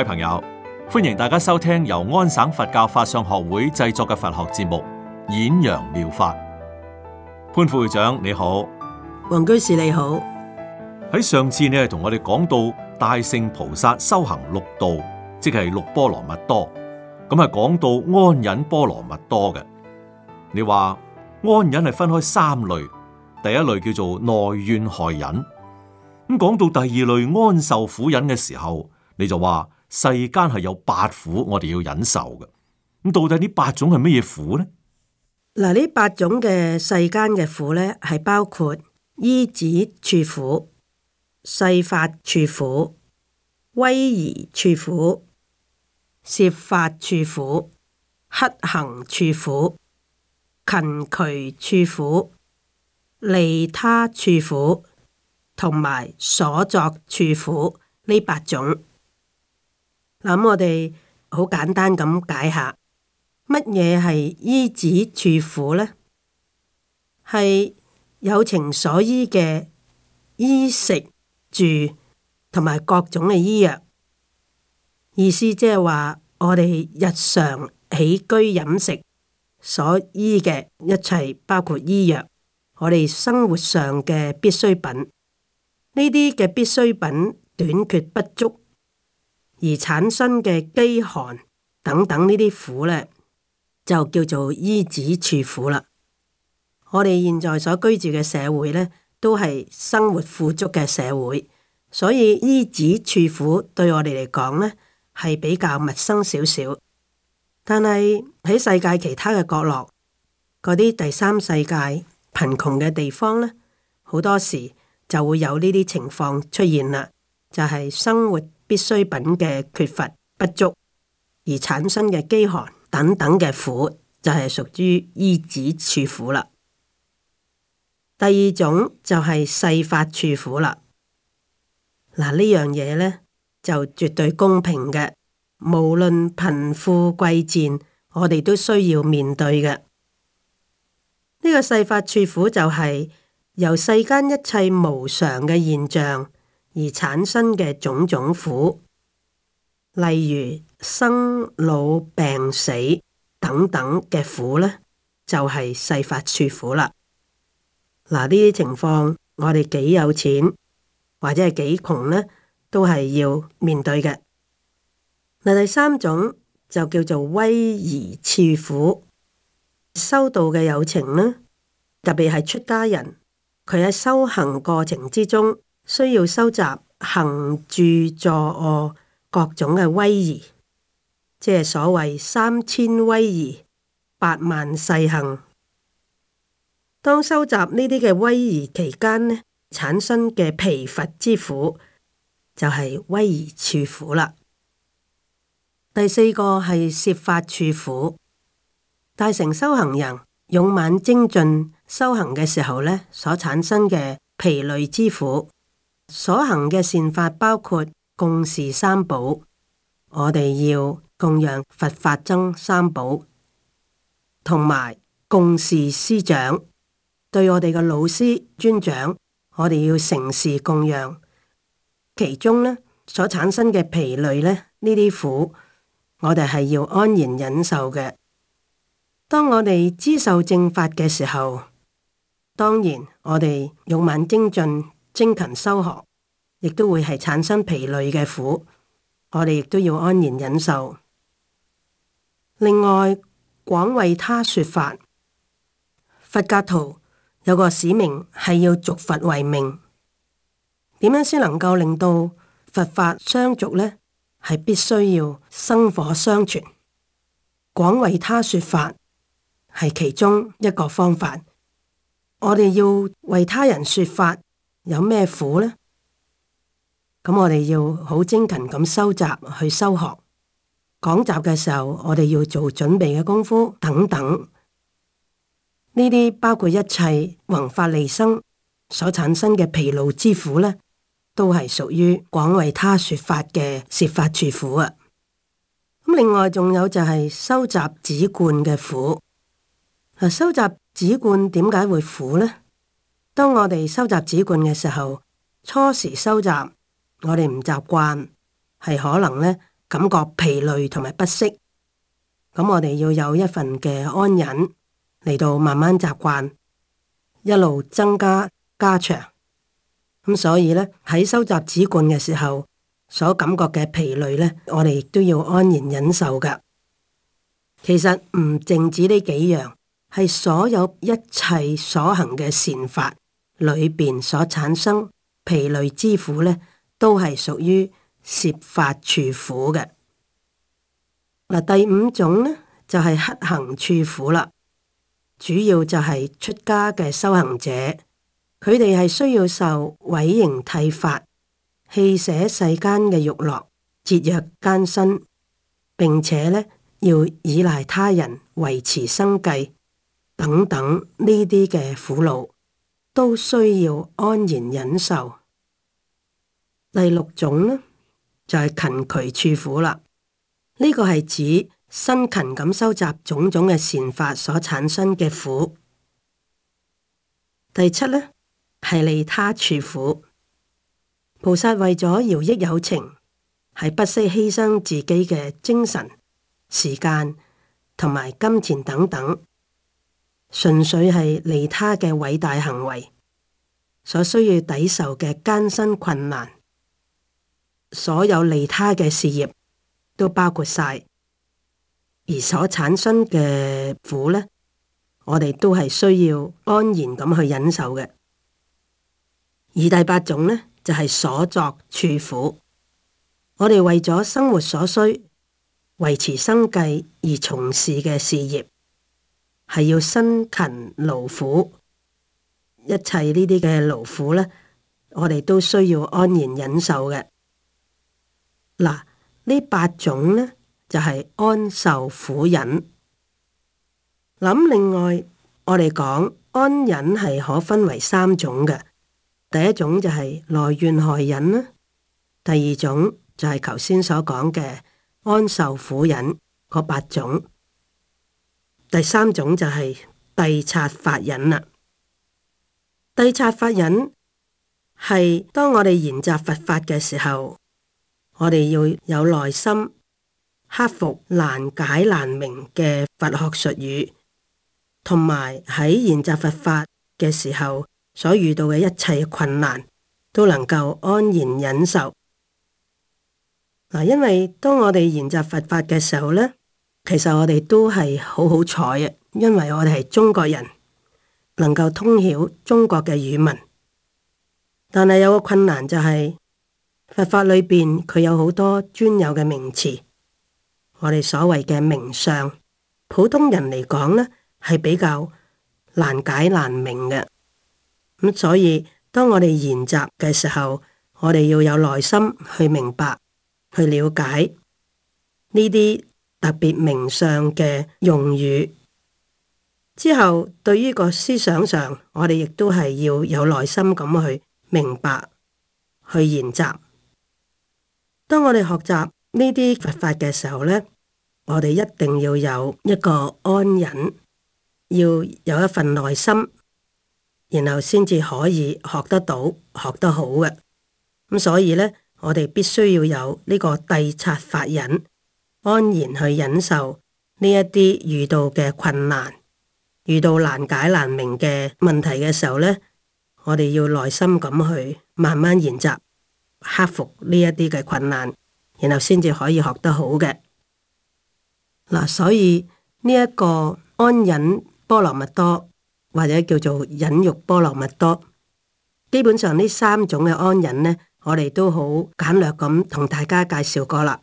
各位朋友，歡迎大家收聽由安省佛教法相學會製作嘅佛學節目《演揚妙，妙法》。潘副會長你好，王居士你好。喺上次你係同我哋講到大乘菩薩修行六道，即係六波羅蜜多，咁係講到安忍波羅蜜多嘅。你話安忍係分開三類，第一類叫做內怨害忍。咁講到第二類安受苦忍嘅時候，你就話。世間係有八苦，我哋要忍受嘅。咁到底呢八種係乜嘢苦呢？嗱，呢八種嘅世間嘅苦咧，係包括依止處苦、世法處苦、威儀處苦、攝法處苦、乞行處苦、勤劬處苦、利他處苦同埋所作處苦呢八種。咁我哋好簡單咁解下，乜嘢係衣子住苦呢？係有情所依嘅衣食住同埋各種嘅醫藥，意思即係話我哋日常起居飲食所依嘅一切，包括醫藥，我哋生活上嘅必需品。呢啲嘅必需品短缺不足，而產生嘅飢寒等等呢啲苦呢，就叫做依止處苦啦。我哋現在所居住嘅社會呢，都係生活富足嘅社會，所以依止處苦對我哋嚟講呢，係比較陌生少少。但係喺世界其他嘅角落，嗰啲第三世界貧窮嘅地方呢，好多時就會有呢啲情況出現啦，就係、是、生活，必需品嘅缺乏不足而產生嘅飢寒等等嘅苦，就係屬於依止處苦啦。第二種就係世法處苦啦。嗱，呢樣嘢咧就絕對公平嘅，無論貧富貴賤，我哋都需要面對嘅。呢、這個世法處苦就係、是、由世間一切無常嘅現象。而產生嘅種種苦，例如生老病死等等嘅苦呢就係、是、世法處苦啦。嗱，呢啲情況我哋幾有錢或者係幾窮呢都係要面對嘅。嗱，第三種就叫做威儀處苦，修道嘅有情呢特別係出家人，佢喺修行過程之中，需要收集行住坐卧各種嘅威儀，即係所謂三千威儀、八萬細行。當收集呢啲嘅威儀期間呢，產生嘅疲乏之苦，就係、是、威儀處苦啦。第四個係攝法處苦，大乘修行人勇猛精進修行嘅時候呢，所產生嘅疲累之苦。所行嘅善法包括共事三寶，我哋要供養佛法僧三寶，同埋共事師長，對我哋嘅老師尊長，我哋要誠事供養。其中呢所產生嘅疲累呢，呢啲苦，我哋係要安然忍受嘅。當我哋知受正法嘅時候，當然我哋勇猛精進。精勤修學，亦都會係產生疲累嘅苦，我哋亦都要安然忍受。另外，廣為他說法，佛教徒有個使命係要續佛為命，點樣先能夠令到佛法相續呢？係必須要生火相傳，廣為他說法係其中一個方法。我哋要為他人說法。有咩苦呢？咁我哋要好精勤咁收集去修學，講習嘅時候，我哋要做準備嘅功夫等等。呢啲包括一切弘法利生所產生嘅疲勞之苦呢，都係屬於廣為他說法嘅說法處苦啊。咁另外仲有就係收集紙罐嘅苦。啊，收集紙罐點解會苦呢？當我哋收集紙罐嘅時候，初時收集我哋唔習慣，係可能咧感覺疲累同埋不適。咁我哋要有一份嘅安忍嚟到慢慢習慣，一路增加加長。咁所以呢，喺收集紙罐嘅時候所感覺嘅疲累呢，我哋都要安然忍受噶。其實唔淨止呢幾樣，係所有一切所行嘅善法。裏邊所產生疲累之苦呢，都係屬於攝法處苦嘅。嗱、啊，第五種呢，就係、是、乞行處苦啦，主要就係出家嘅修行者，佢哋係需要受毀形剃髮，棄捨世間嘅欲樂，節約艱辛，並且呢，要依賴他人維持生計，等等呢啲嘅苦惱，都需要安然忍受。第六種呢，就係、是、勤渠處苦啦。呢、這個係指辛勤咁收集種種嘅善法所產生嘅苦。第七呢，係利他處苦。菩薩為咗饒益有情，係不惜犧牲自己嘅精神、時間同埋金錢等等。純粹係利他嘅偉大行為，所需要抵受嘅艱辛困難，所有利他嘅事業都包括晒，而所產生嘅苦呢，我哋都係需要安然咁去忍受嘅。而第八種呢，就係所作處苦，我哋為咗生活所需、維持生計而從事嘅事業。係要辛勤勞苦，一切呢啲嘅勞苦呢，我哋都需要安然忍受嘅。嗱，呢八種呢，就係安受苦忍。咁另外，我哋講安忍係可分為三種嘅。第一種就係耐怨害忍啦，第二種就係頭先所講嘅安受苦忍嗰八種。第三種就係諦察法忍啦。諦察法忍係當我哋研習佛法嘅時候，我哋要有耐心，克服難解難明嘅佛學術語，同埋喺研習佛法嘅時候所遇到嘅一切困難，都能夠安然忍受。嗱，因為當我哋研習佛法嘅時候呢。其實我哋都係好好彩嘅，因為我哋係中國人，能夠通曉中國嘅語文。但係有個困難就係、是、佛法裏邊佢有好多專有嘅名詞，我哋所謂嘅名相，普通人嚟講呢，係比較難解難明嘅。咁、嗯、所以當我哋研習嘅時候，我哋要有耐心去明白、去了解呢啲。特別名相嘅用語之後，對於個思想上，我哋亦都係要有耐心咁去明白、去研習。當我哋學習呢啲佛法嘅時候呢，我哋一定要有一個安忍，要有一份耐心，然後先至可以學得到、學得好嘅。咁所以呢，我哋必須要有呢、這個諦察法忍。安然去忍受呢一啲遇到嘅困難，遇到難解難明嘅問題嘅時候呢，我哋要耐心咁去慢慢研習，克服呢一啲嘅困難，然後先至可以學得好嘅。嗱，所以呢一個安忍波羅蜜多，或者叫做忍辱波羅蜜多，基本上呢三種嘅安忍呢，我哋都好簡略咁同大家介紹過啦。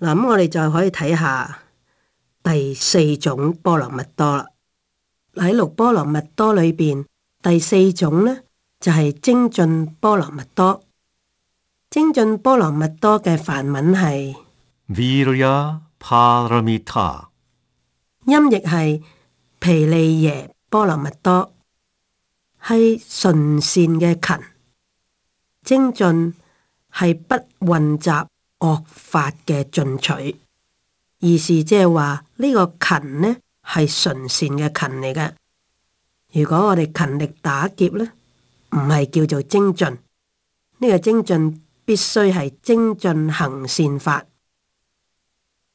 嗱，咁我哋就可以睇下第四種波羅蜜多啦。喺六波羅蜜多裏邊，第四種呢就係精進波羅蜜多。精進波羅蜜多嘅梵文係 Virya Paramita，音譯係毗利耶波羅蜜多，係純善嘅勤，精進係不混雜。惡法嘅進取，意思即係話呢個勤呢係純善嘅勤嚟嘅。如果我哋勤力打劫呢，唔係叫做精進。呢個精進必須係精進行善法，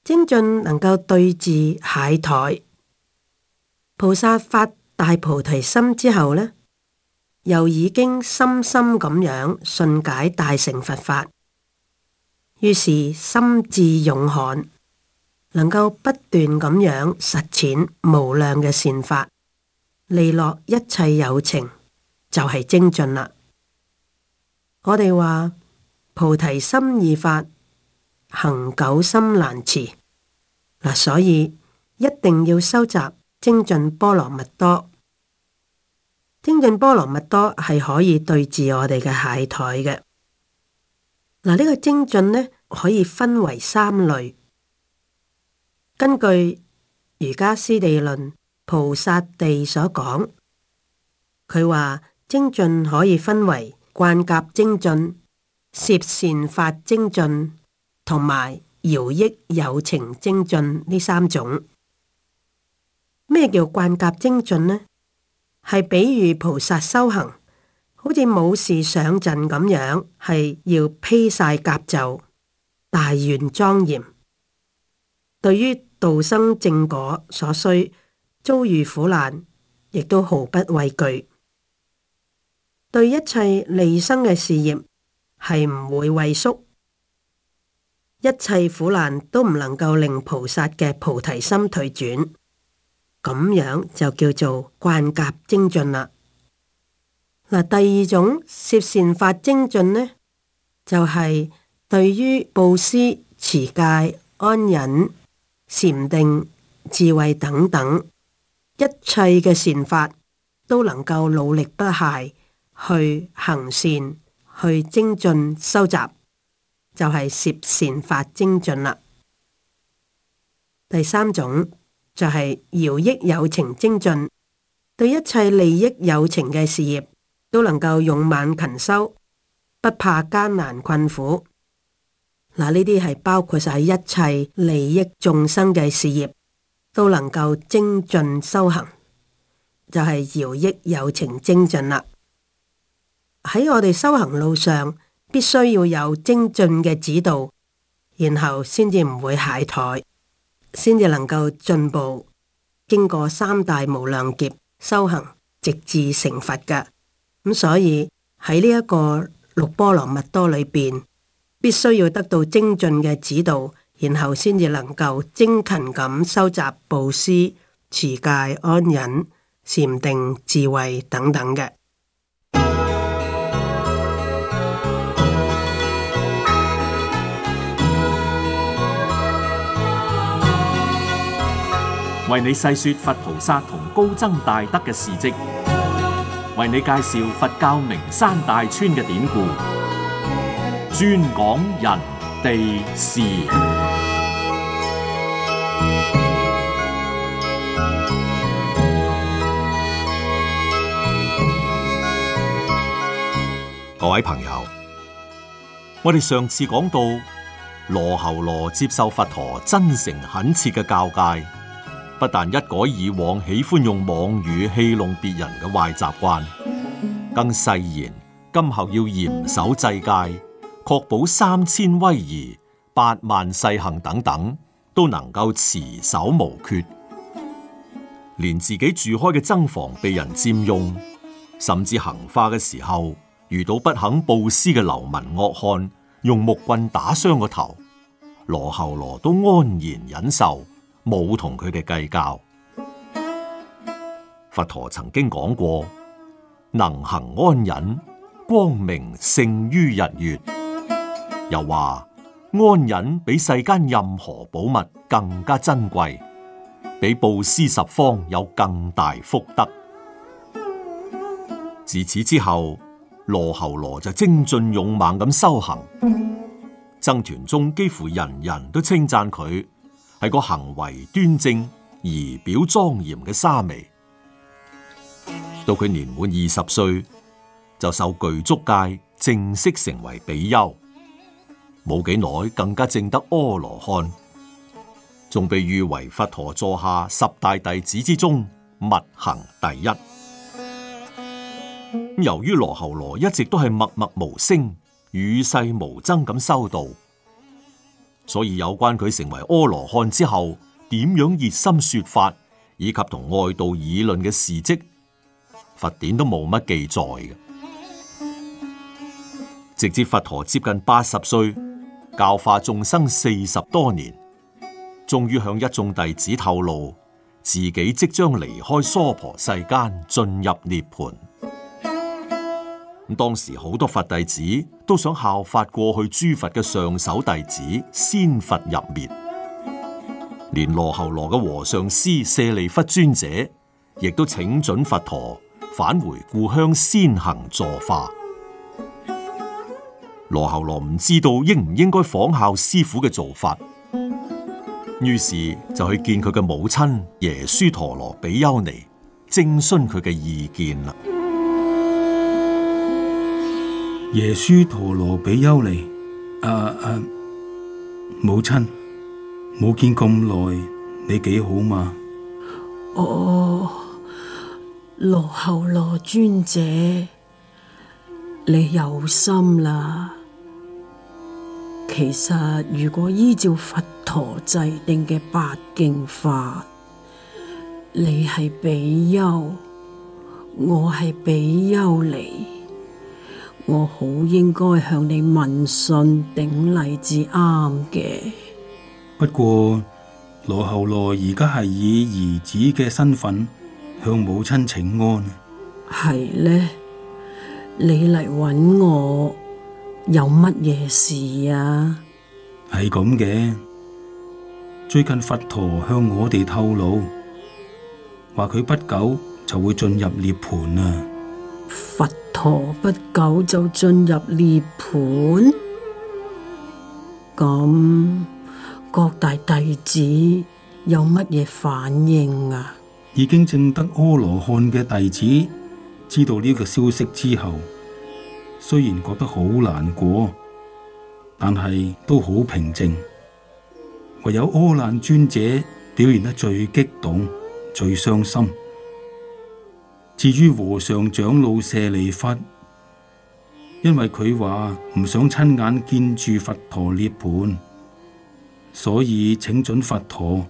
精進能夠對治懈怠，菩薩發大菩提心之後呢，又已經深深咁樣信解大乘佛法。於是心志勇悍，能夠不斷咁樣實踐無量嘅善法，利落一切有情，就係、是、精進啦。我哋話菩提心易發，恒久心難持，嗱，所以一定要收集精進波羅蜜多。精進波羅蜜多係可以對治我哋嘅懈怠嘅。嗱，呢個精進呢，可以分為三類，根據瑜伽師地論菩薩地所講，佢話精進可以分為擐甲精進、攝善法精進同埋饒益有情精進呢三種。咩叫擐甲精進呢？係比喻菩薩修行。好似武士上陣咁樣，係要披晒甲胄，大圓莊嚴。對於道生正果所需遭遇苦難，亦都毫不畏懼。對一切利生嘅事業係唔會畏縮，一切苦難都唔能夠令菩薩嘅菩提心退轉。咁樣就叫做貫甲精進啦。嗱，第二種攝善法精進呢，就係、是、對於布施、持戒、安忍、禪定、智慧等等一切嘅善法，都能夠努力不懈去行善、去精進、收集，就係、是、攝善法精進啦。第三種就係、是、饒益有情精進，對一切利益有情嘅事業。都能夠勇猛勤修，不怕艱難困苦。嗱，呢啲係包括晒一切利益眾生嘅事業，都能夠精進修行，就係、是、饒益有情精進啦。喺我哋修行路上，必須要有精進嘅指導，然後先至唔會懈怠，先至能夠進步，經過三大無量劫修行，直至成佛嘅。咁所以喺呢一個六波羅蜜多裏邊，必須要得到精進嘅指導，然後先至能夠精勤咁收集布施、持戒、安忍、禪定、智慧等等嘅。為你細說佛菩薩同高僧大德嘅事跡。為你介紹佛教名山大川嘅典故，專講人地事。各位朋友，我哋上次講到羅睺羅接受佛陀真誠懇切嘅教誡。不但一改以往喜歡用妄語戲弄別人嘅壞習慣更，更誓言今後要嚴守制戒，確保三千威儀、八萬細行等等都能夠持守無缺。連自己住開嘅僧房被人佔用，甚至行化嘅時候遇到不肯布施嘅流民惡漢，用木棍打傷個頭，羅睺羅都安然忍受。冇同佢哋計較。佛陀曾經講過：能行安忍，光明勝於日月。又話安忍比世間任何寶物更加珍貴，比布施十方有更大福德。自此之後，羅睺羅就精進勇猛咁修行，僧團中幾乎人人都稱讚佢。係個行為端正儀表莊嚴嘅沙彌，到佢年滿二十歲，就受具足戒，正式成為比丘。冇幾耐，更加證得阿羅漢，仲被譽為佛陀座下十大弟子之中密行第一。由於羅睺羅一直都係默默無聲、與世無爭咁修道。所以有關佢成為阿羅漢之後點樣熱心說法，以及同外道議論嘅事跡，佛典都冇乜記載嘅。直至佛陀接近八十歲，教化眾生四十多年，終於向一眾弟子透露，自己即將離開娑婆世間，進入涅槃。當時好多佛弟子都想效法過去諸佛嘅上首弟子先佛入滅，連羅睺羅嘅和尚師舍利弗尊者，亦都請准佛陀返回故鄉先行坐化。羅睺羅唔知道應唔應該仿效師父嘅做法，於是就去見佢嘅母親耶輸陀羅比丘尼，徵詢佢嘅意見啦。耶輸陀羅比丘尼，啊啊，母親，冇見咁耐，你幾好嘛？哦，羅睺羅尊者，你有心啦。其實如果依照佛陀制定嘅八敬法，你係比丘，我係比丘尼。我好應該向你問訊頂禮至啱嘅。不過羅睺羅而家係以兒子嘅身份向母親請安。係呢，你嚟揾我有乜嘢事啊？係咁嘅，最近佛陀向我哋透露，話佢不久就會進入涅槃啊。佛。陀不久就進入涅槃，咁各大弟子有乜嘢反應啊？已經證得阿羅漢嘅弟子知道呢個消息之後，雖然覺得好難過，但係都好平靜。唯有阿難尊者表現得最激動、最傷心。至於和尚長老舍利弗，因為佢話唔想親眼見住佛陀涅槃，所以請准佛陀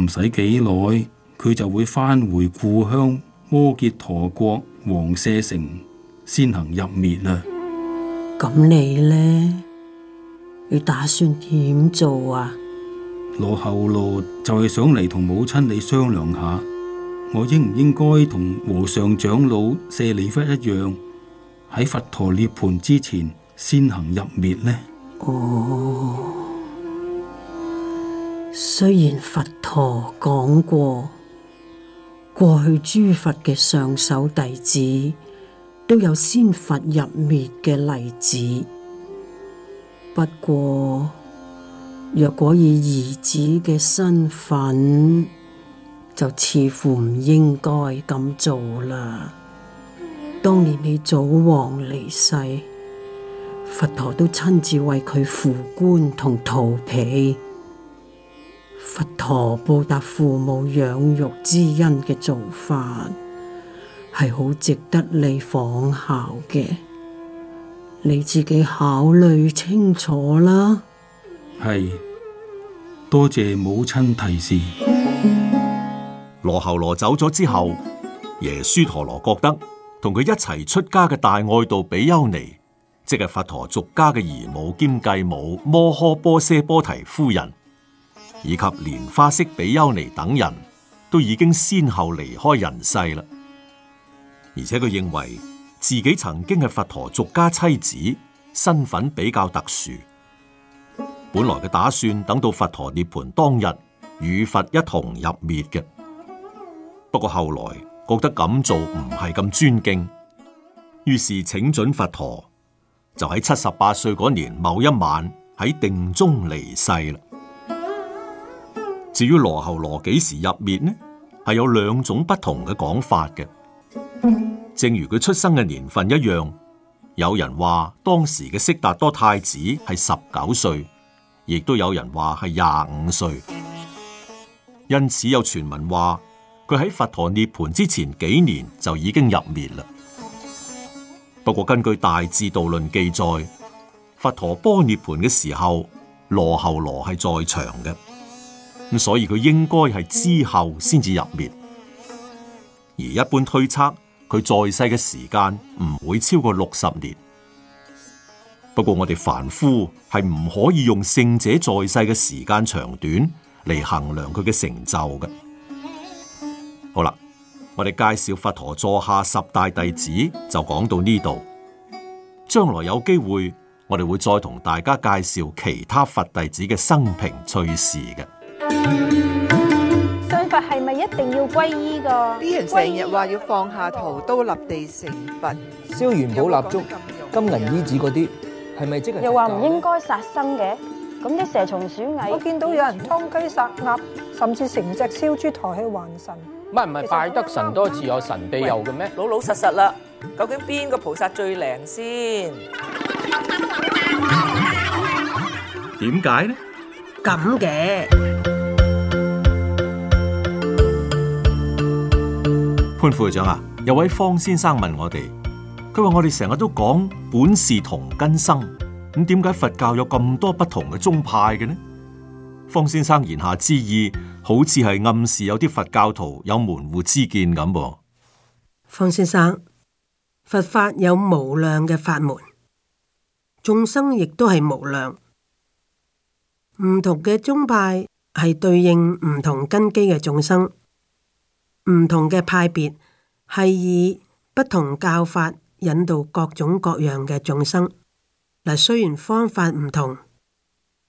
唔使幾耐，佢就會返回,回故鄉摩揭陀國王舍城先行入滅啦。咁你呢？你打算點做啊？羅睺羅就係想嚟同母親你商量下。我應唔應該同和尚長老舍利弗一樣，喺佛陀涅槃之前先行入滅呢？哦，雖然佛陀講過，過去諸佛嘅上首弟子都有先佛入滅嘅例子，不過若果以兒子嘅身份，就似乎唔應該咁做啦。當年你祖王離世，佛陀都親自為佢扶棺同荼毗。佛陀報答父母養育之恩嘅做法，係好值得你仿效嘅。你自己考慮清楚啦。係，多謝母親提示。羅睺羅走咗之後，耶輸陀羅覺得同佢一齊出家嘅大愛道比丘尼，即係佛陀俗家嘅姨母兼繼母摩訶波闍波提夫人，以及蓮花色比丘尼等人，都已經先後離開人世啦。而且佢認為自己曾經係佛陀俗家妻子，身份比較特殊，本來嘅打算等到佛陀涅槃當日與佛一同入滅嘅。不過後來覺得咁做唔係咁尊敬，於是請准佛陀就喺七十八歲嗰年某一晚喺定中離世啦。至於羅睺羅幾時入滅呢？係有兩種不同嘅講法嘅，正如佢出生嘅年份一樣。有人話當時嘅悉達多太子係十九歲，亦都有人話係廿五歲。因此有傳聞話，佢喺佛陀涅槃之前幾年就已經入滅啦。不過根據《大智度論》記載，佛陀般涅槃嘅時候，羅睺羅係在場嘅，咁所以佢應該係之後先至入滅。而一般推測，佢在世嘅時間唔會超過六十年。不過我哋凡夫係唔可以用聖者在世嘅時間長短嚟衡量佢嘅成就嘅。好啦，我哋介紹佛陀座下十大弟子就講到呢度。將來有機會，我哋會再同大家介紹其他佛弟子嘅生平趣事嘅。信佛係咪一定要皈依噶？啲人成日話要放下屠刀立地成佛，燒元寶蠟燭、金銀衣紙嗰啲，係咪即係？又話唔應該殺生嘅，咁啲蛇蟲鼠蟻，我見到有人劏雞殺鴨，甚至成隻燒豬抬去還神。唔係，唔係拜得神多自有神庇佑嘅咩？老老實實啦，究竟邊個菩薩最靈先？點解呢？咁嘅潘副長啊，有位方先生問我哋，佢話我哋成日都講本是同根生，咁點解佛教有咁多不同嘅宗派嘅呢？方先生言下之意，好似係暗示有啲佛教徒有門戶之見咁噃。方先生，佛法有無量嘅法門，眾生亦都係無量。唔同嘅宗派係對應唔同根基嘅眾生，唔同嘅派別係以不同教法引導各種各樣嘅眾生。嗱，雖然方法唔同，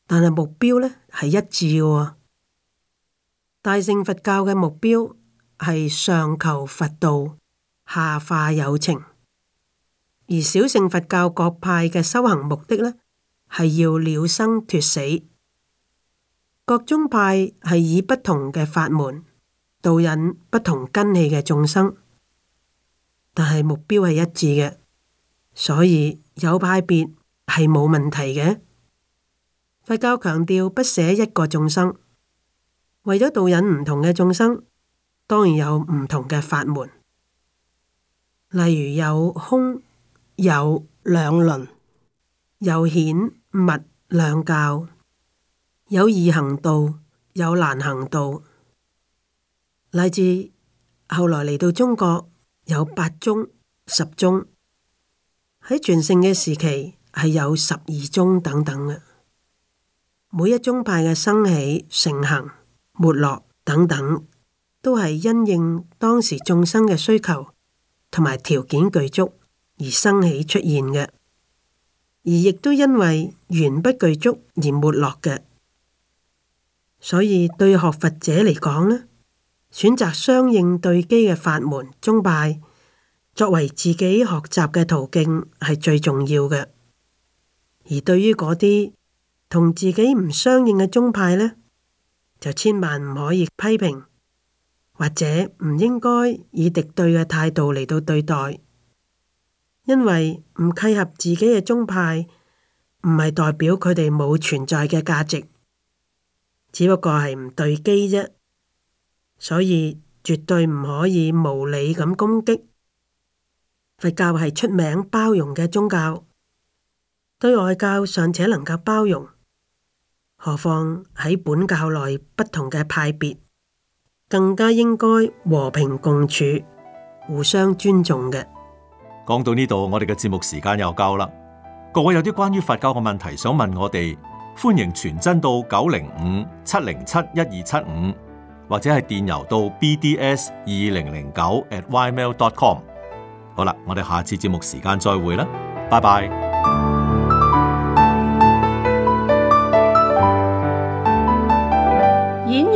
但係目標咧。係一致嘅喎，大乘佛教嘅目標係上求佛道，下化有情；而小乘佛教各派嘅修行目的呢，係要了生脫死。各宗派係以不同嘅法門導引不同根器嘅眾生，但係目標係一致嘅，所以有派別係冇問題嘅。佛教強調不捨一個眾生，為咗導引唔同嘅眾生，當然有唔同嘅法門。例如有空有兩輪，有顯密兩教，有易行道有難行道。乃至後來嚟到中國，有八宗、十宗，喺全盛嘅時期係有十二宗等等嘅。每一宗派嘅生起、盛行、沒落等等，都係因應當時眾生嘅需求同埋條件具足而生起出現嘅，而亦都因為緣不具足而沒落嘅。所以對學佛者嚟講咧，選擇相應對機嘅法門宗派作為自己學習嘅途徑係最重要嘅。而對於嗰啲，同自己唔相應嘅宗派呢，就千萬唔可以批評，或者唔應該以敵對嘅態度嚟到對待，因為唔契合自己嘅宗派，唔係代表佢哋冇存在嘅價值，只不過係唔對機啫。所以絕對唔可以無理咁攻擊。佛教係出名包容嘅宗教，對外教尚且能夠包容。何況喺本教內不同嘅派別，更加應該和平共處、互相尊重嘅。講到呢度，我哋嘅節目時間又夠啦。各位有啲關於佛教嘅問題想問我哋，歡迎傳真到九零五七零七一二七五，75，或者係電郵到 bds 二零零九 atymail.com。好啦，我哋下次節目時間再會啦，拜拜。